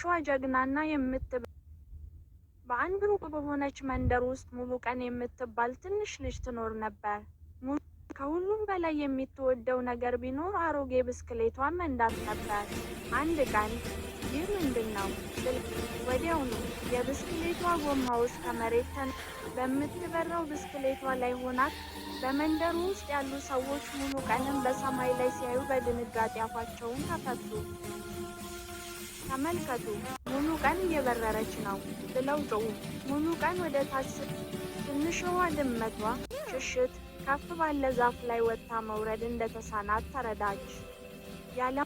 ሸዋ ጀግናና የምትባል በአንድ ሩቅ በሆነች መንደር ውስጥ ሙሉ ቀን የምትባል ትንሽ ልጅ ትኖር ነበር። ከሁሉም በላይ የምትወደው ነገር ቢኖር አሮጌ ብስክሌቷን መንዳት ነበር። አንድ ቀን ይህ ምንድን ነው ስል ወዲያውኑ የብስክሌቷ ጎማዎች ከመሬት ተን በምትበረው ብስክሌቷ ላይ ሆናት። በመንደሩ ውስጥ ያሉ ሰዎች ሙሉ ቀንም በሰማይ ላይ ሲያዩ በድንጋጤ አፋቸውን ተፈቱ። ተመልከቱ ሙሉ ቀን እየበረረች ነው ብለው ጮሁ። ሙሉ ቀን ወደ ታች ትንሽዋ ድመቷ ሽሽት ከፍ ባለ ዛፍ ላይ ወጥታ መውረድ እንደተሳናት ተረዳች። ያለ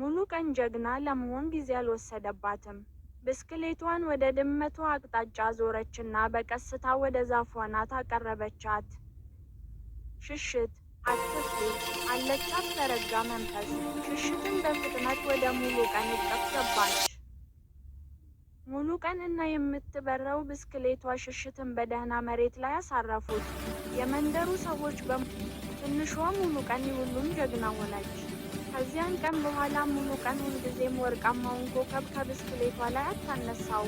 ሙሉ ቀን ጀግና ለመሆን ጊዜ አልወሰደባትም። ብስክሌቷን ወደ ድመቷ አቅጣጫ ዞረችና በቀስታ ወደ ዛፏ ናት አቀረበቻት። ሽሽት አትፍሩ። አለች ተረጋ መንፈስ ሽሽትን በፍጥነት ወደ ሙሉ ቀን እቅፍ ገባች። ሙሉ ቀን እና የምትበረው ብስክሌቷ ሽሽትን በደህና መሬት ላይ አሳረፉት። የመንደሩ ሰዎች ትንሿ ሙሉ ቀን የሁሉም ጀግና ሆነች። ከዚያን ቀን በኋላ ሙሉ ቀን ሁልጊዜም ወርቃማውን ኮከብ ከብስክሌቷ ላይ አታነሳው።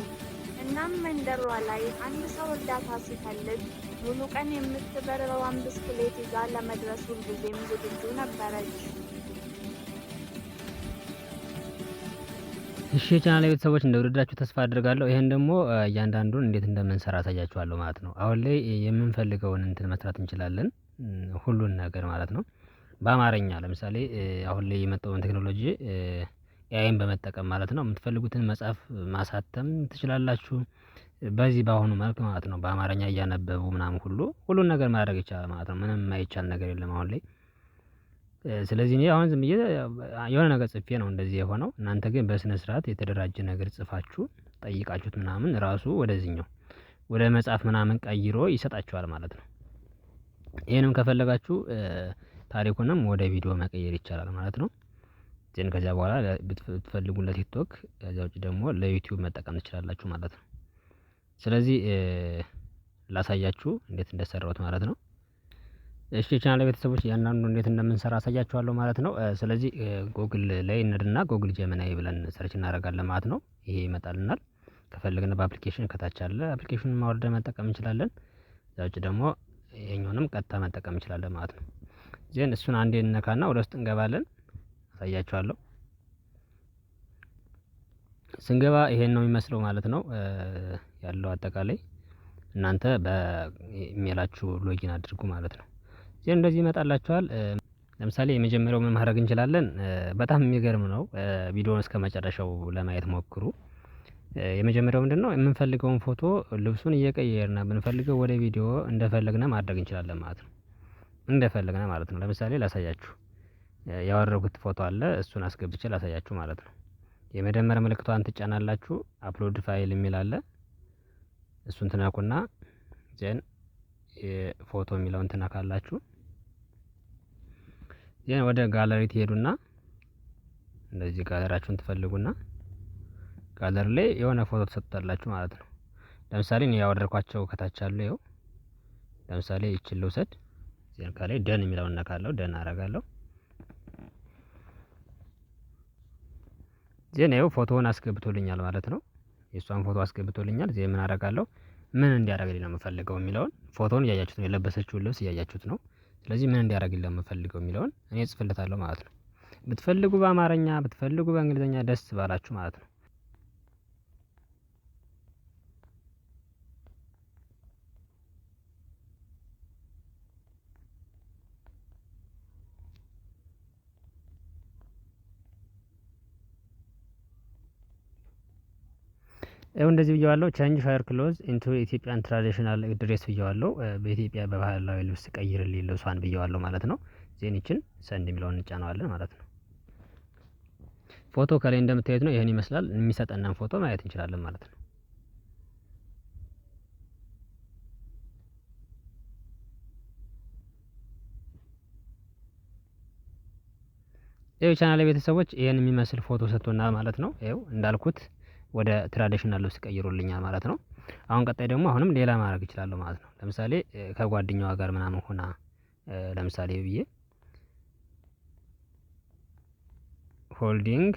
እናም መንደሯ ላይ አንድ ሰው እርዳታ ሲፈልግ ሙሉ ቀን የምትበረረዋን ብስክሌት ይዛ ለመድረስ ሁልጊዜም ዝግጁ ነበረች። እሺ የቻናል ቤተሰቦች እንደወደዳችሁ ተስፋ አድርጋለሁ። ይህን ደግሞ እያንዳንዱን እንዴት እንደምንሰራ አሳያችኋለሁ ማለት ነው። አሁን ላይ የምንፈልገውን እንትን መስራት እንችላለን፣ ሁሉን ነገር ማለት ነው። በአማርኛ ለምሳሌ አሁን ላይ የመጣውን ቴክኖሎጂ ኤአይን በመጠቀም ማለት ነው የምትፈልጉትን መጽሐፍ ማሳተም ትችላላችሁ። በዚህ በአሁኑ መልክ ማለት ነው በአማርኛ እያነበቡ ምናምን ሁሉ ሁሉን ነገር ማድረግ ይቻላል ማለት ነው። ምንም የማይቻል ነገር የለም አሁን ላይ። ስለዚህ እኔ አሁን ዝም ብዬ የሆነ ነገር ጽፌ ነው እንደዚህ የሆነው። እናንተ ግን በስነ ስርዓት የተደራጀ ነገር ጽፋችሁ ጠይቃችሁት ምናምን ራሱ ወደዚህኛው ወደ መጽሐፍ ምናምን ቀይሮ ይሰጣችኋል ማለት ነው። ይህንም ከፈለጋችሁ ታሪኩንም ወደ ቪዲዮ መቀየር ይቻላል ማለት ነው። ዜን ከዚያ በኋላ ብትፈልጉ ለቲክቶክ ከዚያ ውጪ ደግሞ ለዩቲዩብ መጠቀም ትችላላችሁ ማለት ነው። ስለዚህ ላሳያችሁ እንዴት እንደሰራሁት ማለት ነው። እሺ ቻናል ቤተሰቦች እያንዳንዱ እንዴት እንደምንሰራ አሳያችኋለሁ ማለት ነው። ስለዚህ ጎግል ላይ እንድና ጎግል ጀመናዊ ብለን ሰርች እናደርጋለን ማለት ነው። ይሄ ይመጣልናል። ከፈለግን በአፕሊኬሽን ከታች አለ አፕሊኬሽኑን ማወርደ መጠቀም እንችላለን። እዛ ውጭ ደግሞ የኛውንም ቀጥታ መጠቀም እንችላለን ማለት ነው። ዜን እሱን አንዴ እንነካና ወደ ውስጥ እንገባለን። አሳያችኋለሁ። ስንገባ ይሄን ነው የሚመስለው ማለት ነው ያለው አጠቃላይ እናንተ በኢሜላችሁ ሎጊን አድርጉ ማለት ነው። እዚህ እንደዚህ ይመጣላችኋል። ለምሳሌ የመጀመሪያው ምን ማድረግ እንችላለን? በጣም የሚገርም ነው። ቪዲዮውን እስከ መጨረሻው ለማየት ሞክሩ። የመጀመሪያው ምንድነው የምንፈልገውን ፎቶ ልብሱን እየቀየርነ ብንፈልገው ወደ ቪዲዮ እንደፈለግነ ማድረግ እንችላለን ማለት ነው። እንደፈለግነ ማለት ነው። ለምሳሌ ላሳያችሁ ያወረኩት ፎቶ አለ እሱን አስገብቼ ላሳያችሁ ማለት ነው። የመደመር ምልክቷን ትጫናላችሁ አፕሎድ ፋይል የሚል አለ። እሱን ትነኩና ዜን ፎቶ የሚለውን ትነካላችሁ። ዜን ወደ ጋለሪ ትሄዱና እንደዚህ ጋለራችሁን ትፈልጉና ጋለሪ ላይ የሆነ ፎቶ ተሰጥቷላችሁ ማለት ነው። ለምሳሌ እኔ ያወረድኳቸው ከታች አሉ። ይኸው ለምሳሌ ይችን ልውሰድ። ዜን ከላይ ደን የሚለውን ነካለሁ። ደን አረጋለሁ ዜና ፎቶውን አስገብቶልኛል ማለት ነው። የእሷን ፎቶ አስገብቶልኛል እዚህ ምን አደርጋለሁ ምን እንዲያደርግልኝ ነው የምፈልገው የሚለውን ፎቶውን እያያችሁት ነው የለበሰችውን ልብስ እያያችሁት ነው። ስለዚህ ምን እንዲያደርግልኝ ነው የምፈልገው የሚለውን እኔ እጽፍለታለሁ ማለት ነው። ብትፈልጉ በአማርኛ ብትፈልጉ በእንግሊዘኛ ደስ ባላችሁ ማለት ነው ይኸው እንደዚህ ብየዋለሁ። ቻንጅ ፋየር ክሎዝ ኢንቱ ኢትዮጵያን ትራዲሽናል ድሬስ ብየዋለሁ። በኢትዮጵያ በባህላዊ ልብስ ቀይርልኝ ልብሷን ብየዋለሁ ማለት ነው። ዜን ይችን ሰንድ የሚለውን እንጫነዋለን ማለት ነው። ፎቶ ከላይ እንደምታዩት ነው። ይህን ይመስላል። የሚሰጠናን ፎቶ ማየት እንችላለን ማለት ነው። ይኸው ቻናል ቤተሰቦች ይህን የሚመስል ፎቶ ሰጥቶናል ማለት ነው። ይኸው እንዳልኩት ወደ ትራዲሽናል ልብስ ቀይሮልኛል ማለት ነው። አሁን ቀጣይ ደግሞ አሁንም ሌላ ማድረግ እችላለሁ ማለት ነው። ለምሳሌ ከጓደኛዋ ጋር ምናምን ሆና ለምሳሌ ብዬ ሆልዲንግ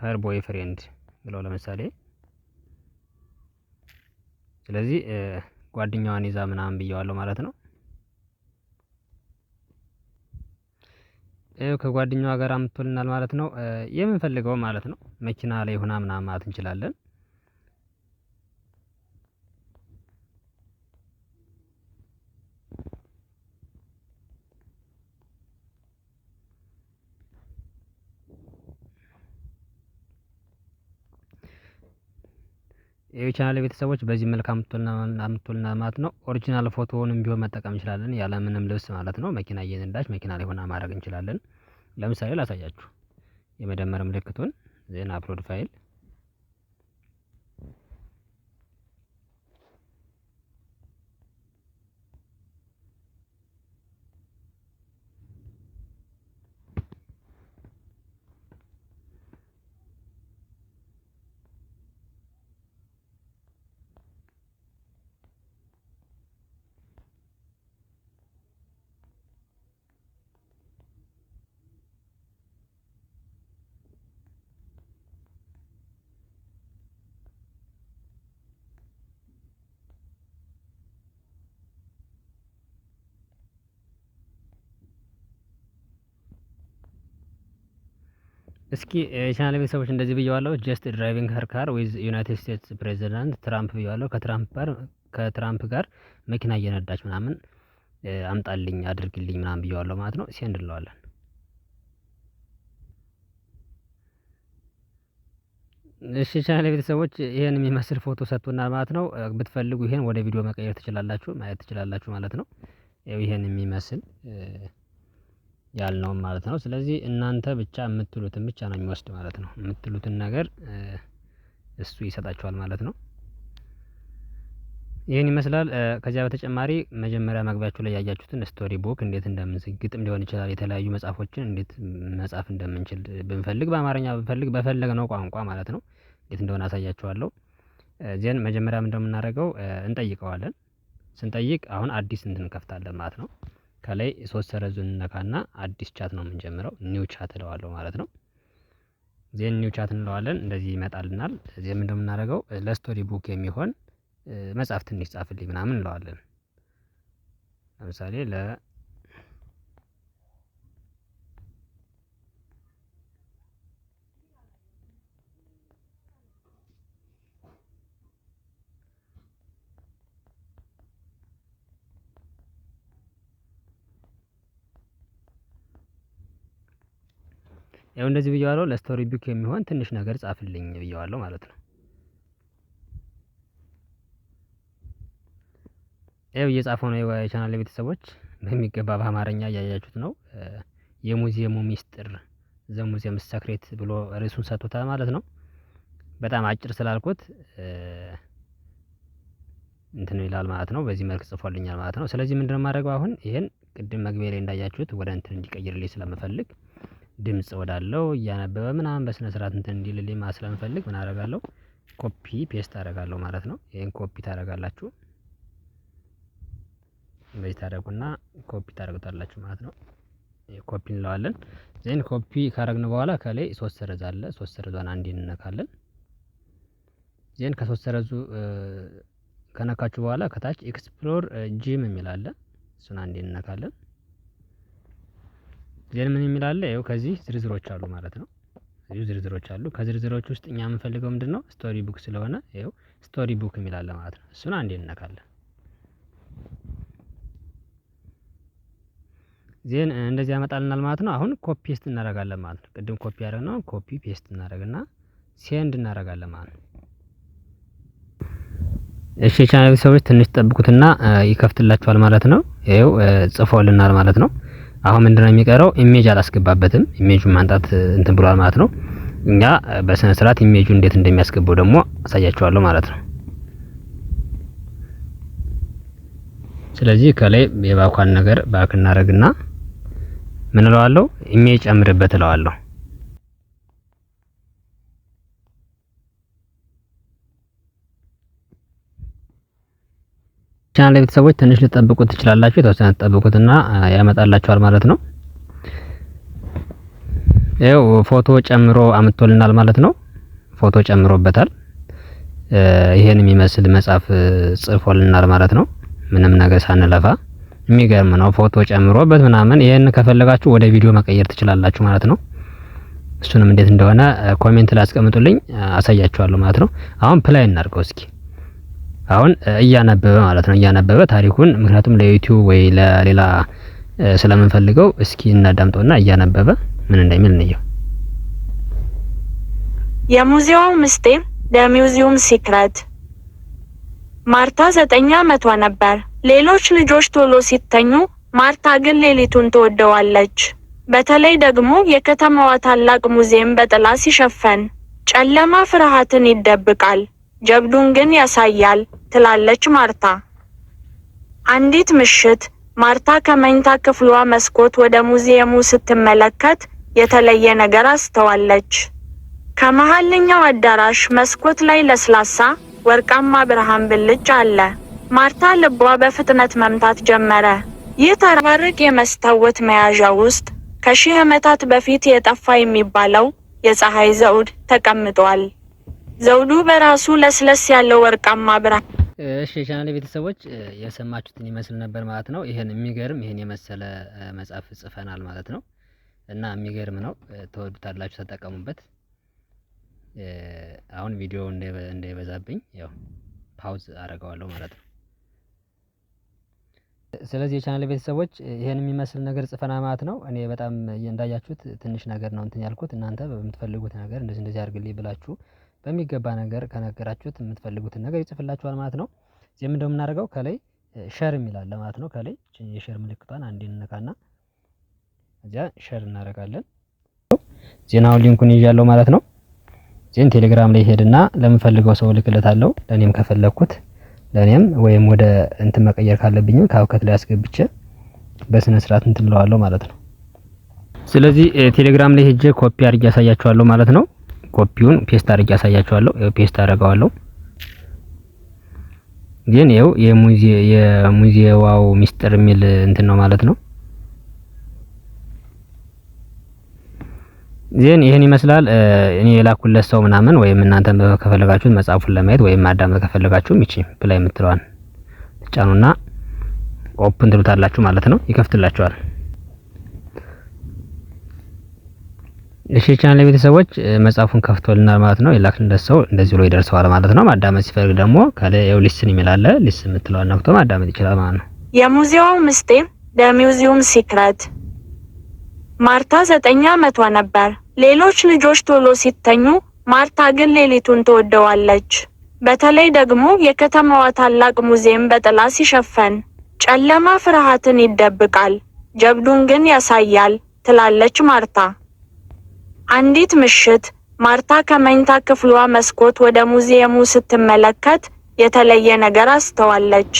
ሀር ቦይ ፍሬንድ ብለው ለምሳሌ ስለዚህ ጓደኛዋን ይዛ ምናምን ብየዋለሁ ማለት ነው። ከጓደኛዋ ጋር አምጥቶልናል ማለት ነው የምንፈልገው ማለት ነው። መኪና ላይ ሆና ምናምን ማለት እንችላለን። የቻናል ቤተሰቦች በዚህ መልክ አምቶልና ማለት ነው። ኦሪጂናል ፎቶውንም ቢሆን መጠቀም እንችላለን፣ ያለምንም ልብስ ማለት ነው። መኪና እየነዳች መኪና ላይ ሆና ማድረግ እንችላለን። ለምሳሌ ላሳያችሁ የመደመር ምልክቱን ዜን አፕሎድ ፋይል እስኪ የቻናል ቤተሰቦች እንደዚህ ብየዋለሁ። ጀስት ድራይቪንግ ሀር ካር ዊዝ ዩናይትድ ስቴትስ ፕሬዚዳንት ትራምፕ ብየዋለሁ። ከትራምፕ ጋር መኪና እየነዳች ምናምን አምጣልኝ አድርግልኝ ምናምን ብየዋለሁ ማለት ነው። ሴንድ እንለዋለን። እሺ ቻናል ቤተሰቦች ይሄን የሚመስል ፎቶ ሰጥቶናል ማለት ነው። ብትፈልጉ ይሄን ወደ ቪዲዮ መቀየር ትችላላችሁ፣ ማየት ትችላላችሁ ማለት ነው። ይሄን የሚመስል ያልነውም ማለት ነው። ስለዚህ እናንተ ብቻ የምትሉትን ብቻ ነው የሚወስድ ማለት ነው። የምትሉትን ነገር እሱ ይሰጣችኋል ማለት ነው። ይህን ይመስላል። ከዚያ በተጨማሪ መጀመሪያ መግቢያችሁ ላይ ያያችሁትን ስቶሪ ቡክ እንዴት እንደምንጽፍ ግጥም ሊሆን ይችላል፣ የተለያዩ መጽሐፎችን እንዴት መጻፍ እንደምንችል ብንፈልግ፣ በአማርኛ ብንፈልግ፣ በፈለግነው ቋንቋ ማለት ነው እንዴት እንደሆነ አሳያችኋለሁ። ዜን መጀመሪያ እንደምናደርገው እንጠይቀዋለን። ስንጠይቅ አሁን አዲስ እንትን እንከፍታለን ማለት ነው። ከላይ ሶስት ሰረዙን እነካና አዲስ ቻት ነው የምንጀምረው። ኒው ቻት እለዋለሁ ማለት ነው። ዜን ኒው ቻት እንለዋለን። እንደዚህ ይመጣልናል። እዚህ ምንድነው ለስቶሪ ቡክ የሚሆን መጽሐፍ ትንሽ ጻፍልኝ ምናምን እንለዋለን። ለምሳሌ ለ ያው እንደዚህ ብየዋለሁ። ለስቶሪ ቡክ የሚሆን ትንሽ ነገር ጻፍልኝ ብየዋለው ማለት ነው። ያው እየጻፈው ነው የቻናል ቤተሰቦች በሚገባ በአማርኛ እያያችሁት ነው። የሙዚየሙ ሚስጥር ዘ ሙዚየም ሰክሬት ብሎ ርዕሱን ሰጥቶታል ማለት ነው። በጣም አጭር ስላልኩት እንትን ይላል ማለት ነው። በዚህ መልክ ጽፎልኛል ማለት ነው። ስለዚህ ምንድነው የማደርገው አሁን ይሄን ቅድም መግቢያ ላይ እንዳያችሁት ወደ እንትን እንዲቀይርልኝ ስለምፈልግ ድምጽ ወዳለው እያነበበ ምናምን በስነ ስርዓት እንትን እንዲልልኝ ማለት ስለምፈልግ ምን አረጋለሁ? ኮፒ ፔስት አረጋለሁ ማለት ነው። ይህን ኮፒ ታረጋላችሁ፣ እንደዚህ ታደረጉና ኮፒ ታደረጉታላችሁ ማለት ነው። ኮፒ እንለዋለን ዜን ኮፒ ካረግን በኋላ ከላይ ሶስት ሰረዝ አለ ሶስት ሰረዟን አንድ እንነካለን። ዜን ከሶስት ሰረዙ ከነካችሁ በኋላ ከታች ኤክስፕሎር ጂም የሚል አለ እሱን አንድ እንነካለን። ዜን ምን የሚል አለ ይኸው ከዚህ ዝርዝሮች አሉ ማለት ነው። እዚሁ ዝርዝሮች አሉ። ከዝርዝሮች ውስጥ እኛ የምንፈልገው ምንድን ነው? ስቶሪ ቡክ ስለሆነ ይኸው ስቶሪ ቡክ የሚል አለ ማለት ነው። እሱን አንዴ እንነካለን። ዜን እንደዚህ ያመጣልናል ማለት ነው። አሁን ኮፒ ፔስት እናደርጋለን ማለት ነው። ቅድም ኮፒ ያደረግነው ኮፒ ፔስት እናደርግና ሴንድ እናደርጋለን ማለት ነው። እሺ ቻናል ሰዎች ትንሽ ጠብቁትና ይከፍትላችኋል ማለት ነው። ይኸው ጽፎልናል ማለት ነው። አሁን ምንድነው የሚቀረው? ኢሜጅ አላስገባበትም። ኢሜጁን ማንጣት እንትን ብሏል ማለት ነው። እኛ በስነ ስርዓት ኢሜጁ እንዴት እንደሚያስገባው ደግሞ አሳያችኋለሁ ማለት ነው። ስለዚህ ከላይ የባኳን ነገር ባክ እናደርግና ምን እለዋለሁ? ኢሜጅ ጨምርበት እለዋለሁ። ቻናል ቤተሰቦች ትንሽ ልጠብቁት ትችላላችሁ። የተወሰነ ትጠብቁትና ያመጣላችኋል ማለት ነው። ይኸው ፎቶ ጨምሮ አምጥቶልናል ማለት ነው። ፎቶ ጨምሮበታል። ይሄን የሚመስል መጽሐፍ ጽፎልናል ማለት ነው። ምንም ነገር ሳንለፋ የሚገርም ነው። ፎቶ ጨምሮበት ምናምን። ይሄን ከፈለጋችሁ ወደ ቪዲዮ መቀየር ትችላላችሁ ማለት ነው። እሱንም እንዴት እንደሆነ ኮሜንት ላይ አስቀምጡልኝ፣ አሳያችኋለሁ ማለት ነው። አሁን ፕላይ እናድርገው እስኪ አሁን እያነበበ ማለት ነው እያነበበ ታሪኩን ምክንያቱም ለዩቲዩብ ወይ ለሌላ ስለምንፈልገው እስኪ እናዳምጠውና እያነበበ ምን እንደሚል እንየው። የሙዚየም ምስጢ ለሙዚየም ሲክረት ማርታ ዘጠኝ ዓመቷ ነበር። ሌሎች ልጆች ቶሎ ሲተኙ፣ ማርታ ግን ሌሊቱን ትወደዋለች። በተለይ ደግሞ የከተማዋ ታላቅ ሙዚየም በጥላ ሲሸፈን ጨለማ ፍርሃትን ይደብቃል። ጀብዱን ግን ያሳያል ትላለች ማርታ። አንዲት ምሽት ማርታ ከመኝታ ክፍሏ መስኮት ወደ ሙዚየሙ ስትመለከት የተለየ ነገር አስተዋለች። ከመሃልኛው አዳራሽ መስኮት ላይ ለስላሳ ወርቃማ ብርሃን ብልጭ አለ። ማርታ ልቧ በፍጥነት መምታት ጀመረ። ይህ ተራራቅ የመስታወት መያዣ ውስጥ ከሺህ ዓመታት በፊት የጠፋ የሚባለው የፀሐይ ዘውድ ተቀምጧል። ዘውዱ በራሱ ለስለስ ያለው ወርቃማ ብራ። እሺ የቻናሌ ቤተሰቦች የሰማችሁትን ይመስል ነበር ማለት ነው። ይህን የሚገርም ይህን የመሰለ መጽሐፍ ጽፈናል ማለት ነው እና የሚገርም ነው። ተወዱታላችሁ፣ ተጠቀሙበት። አሁን ቪዲዮ እንዳይበዛብኝ ያው ፓውዝ አደርገዋለሁ ማለት ነው። ስለዚህ የቻናል ቤተሰቦች ይሄን የሚመስል ነገር ጽፈና ማለት ነው። እኔ በጣም እንዳያችሁት ትንሽ ነገር ነው እንትን ያልኩት። እናንተ በምትፈልጉት ነገር እንደዚህ እንደዚህ አድርግልኝ ብላችሁ በሚገባ ነገር ከነገራችሁት የምትፈልጉትን ነገር ይጽፍላችኋል ማለት ነው። እዚህ ምንድነው ከላይ ሸር የሚላል ለማለት ነው። ከላይ የሸር ምልክቷን አንዴ እንነካና እዚያ ሸር እናደርጋለን። ዜናውን ሊንኩን ይዣለሁ ማለት ነው። ዜን ቴሌግራም ላይ ሄድና ለምፈልገው ሰው ልክለታለሁ። ለኔም ከፈለኩት ለኔም ወይም ወደ እንትን መቀየር ካለብኝ ከአውከት ላይ አስገብቼ በስነ ስርዓት እንትን ማለት ነው። ስለዚህ ቴሌግራም ላይ ሄጄ ኮፒ አድርጌ ያሳያችኋለሁ ማለት ነው። ኮፒውን ፔስት አድርጌ ያሳያችኋለሁ። ፔስት አደርገዋለሁ። ግን ይኸው የሙዚየዋው ሚስጥር የሚል እንትን ነው ማለት ነው። ዜን ይህን ይመስላል። እኔ የላኩለት ሰው ምናምን ወይም እናንተን ከፈለጋችሁት መጽሐፉን ለማየት ወይም ማዳመጥ ከፈለጋችሁም ይቺ ፕላይ የምትለዋን ትጫኑና ኦፕን ትሉታላችሁ ማለት ነው። ይከፍትላችኋል። እሺ ቻናል ቤተሰቦች መጽሐፉን ከፍቶልናል ማለት ነው። የላክልን ሰው እንደዚህ ብሎ ይደርሰዋል ማለት ነው። ማዳመጥ ሲፈልግ ደግሞ ከላይ ሊስን የሚላለ ሊስን የምትለዋን ነክቶ ማዳመጥ ይችላል ማለት ነው። የሙዚየም ምስጢር ለሚውዚየም ሲክረት ማርታ ዘጠኝ ዓመቷ ነበር። ሌሎች ልጆች ቶሎ ሲተኙ፣ ማርታ ግን ሌሊቱን ትወደዋለች። በተለይ ደግሞ የከተማዋ ታላቅ ሙዚየም በጥላ ሲሸፈን ጨለማ ፍርሃትን ይደብቃል፣ ጀብዱን ግን ያሳያል ትላለች ማርታ። አንዲት ምሽት ማርታ ከመኝታ ክፍሏ መስኮት ወደ ሙዚየሙ ስትመለከት የተለየ ነገር አስተዋለች።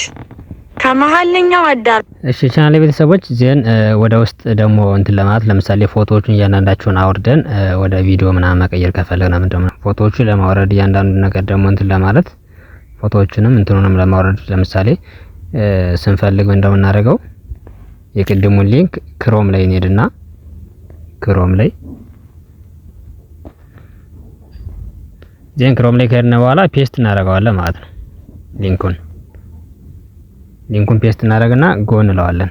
ከመሀልኛው አዳር እሺ፣ ቻናሌ ቤተሰቦች ዜን ወደ ውስጥ ደግሞ እንትን ለማለት ለምሳሌ ፎቶዎቹን እያንዳንዳቸውን አውርደን ወደ ቪዲዮ ምናምን መቀየር ከፈለግን ምንድን ነው ፎቶዎቹ ለማውረድ እያንዳንዱ ነገር ደግሞ እንትን ለማለት ፎቶዎቹንም እንትኑንም ለማውረድ ለምሳሌ ስንፈልግ ምን እንደምናደርገው የቅድሙን ሊንክ ክሮም ላይ እንሄድና ክሮም ላይ ዜን ክሮም ላይ ከሄድን በኋላ ፔስት እናደርገዋለን ማለት ነው። ሊንኩን ሊንኩን ፔስት እናደርግና ጎ እንለዋለን።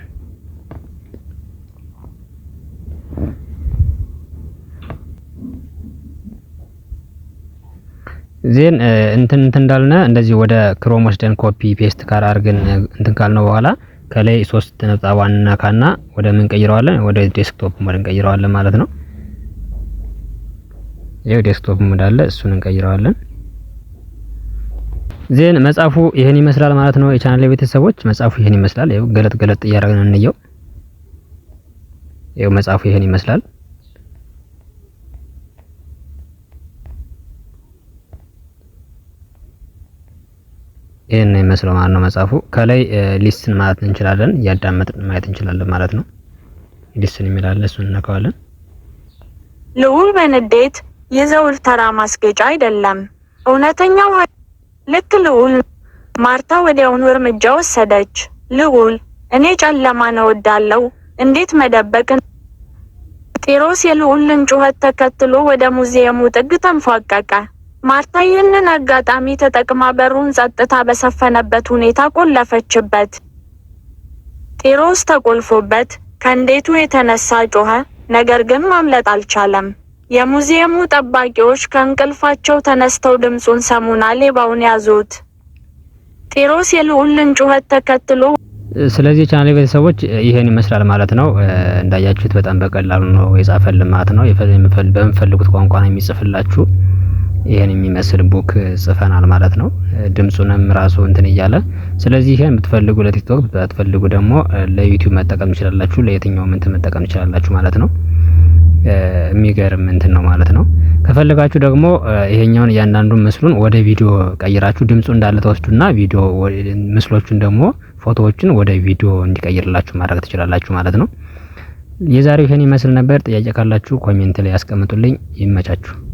ዜን እንትን እንትን እንዳልነ እንደዚህ ወደ ክሮም ወስደን ኮፒ ፔስት ጋር አድርገን እንትን ካልነው በኋላ ከላይ ሶስት ነጥብ አዋን እናካና ወደ ምን ቀይረዋለን? ወደ ዴስክቶፕ እንቀይረዋለን ማለት ነው። ይሄው ዴስክቶፕ እንዳለ እሱን እንቀይረዋለን። ዜን መጽሐፉ ይህን ይመስላል ማለት ነው። የቻናል ቤተሰቦች መጽሐፉ ይህን ይመስላል። ይሄው ገለጥ ገለጥ እያደረግን እንየው። ይሄው መጽሐፉ ይህን ይመስላል። ይህን ይመስለው ማለት ነው። መጽሐፉ ከላይ ሊስትን ማለት እንችላለን፣ እያዳመጥን ማየት እንችላለን ማለት ነው። ሊስትን የሚላለ እሱን እነካዋለን። ልዑል በንዴት የዘውል ተራ ማስጌጫ አይደለም። እውነተኛው ልክ ልዑል ማርታ ወዲያውኑ እርምጃ ወሰደች። ልዑል እኔ ጨለማን እወዳለሁ፣ እንዴት መደበቅን? ጢሮስ የልዑልን ጩኸት ተከትሎ ወደ ሙዚየሙ ጥግ ተንፏቀቀ። ማርታ ይህንን አጋጣሚ ተጠቅማ በሩን ጸጥታ በሰፈነበት ሁኔታ ቆለፈችበት። ጢሮስ ተቆልፎበት ከእንዴቱ የተነሳ ጮኸ፣ ነገር ግን ማምለጥ አልቻለም። የሙዚየሙ ጠባቂዎች ከእንቅልፋቸው ተነስተው ድምፁን ሰሙና ሌባውን ያዙት። ጢሮስ የልዑልን ጩኸት ተከትሎ ስለዚህ ቻናል ቤተሰቦች ይሄን ይመስላል ማለት ነው። እንዳያችሁት በጣም በቀላሉ ነው የጻፈን ልማት ነው። በምፈልጉት ቋንቋ ነው የሚጽፍላችሁ። ይሄን የሚመስል ቡክ ጽፈናል ማለት ነው። ድምፁንም ራሱ እንትን እያለ ስለዚህ ይሄን ብትፈልጉ ለቲክቶክ፣ ብትፈልጉ ደግሞ ለዩቲዩብ መጠቀም ትችላላችሁ። ለየትኛውም እንትን መጠቀም ትችላላችሁ ማለት ነው። የሚገርም እንትን ነው ማለት ነው። ከፈለጋችሁ ደግሞ ይሄኛውን እያንዳንዱን ምስሉን ወደ ቪዲዮ ቀይራችሁ ድምፁ እንዳለ ተወስዱና ቪዲዮ ምስሎቹን ደግሞ ፎቶዎችን ወደ ቪዲዮ እንዲቀይርላችሁ ማድረግ ትችላላችሁ ማለት ነው። የዛሬው ይሄን ይመስል ነበር። ጥያቄ ካላችሁ ኮሜንት ላይ ያስቀምጡልኝ። ይመቻችሁ።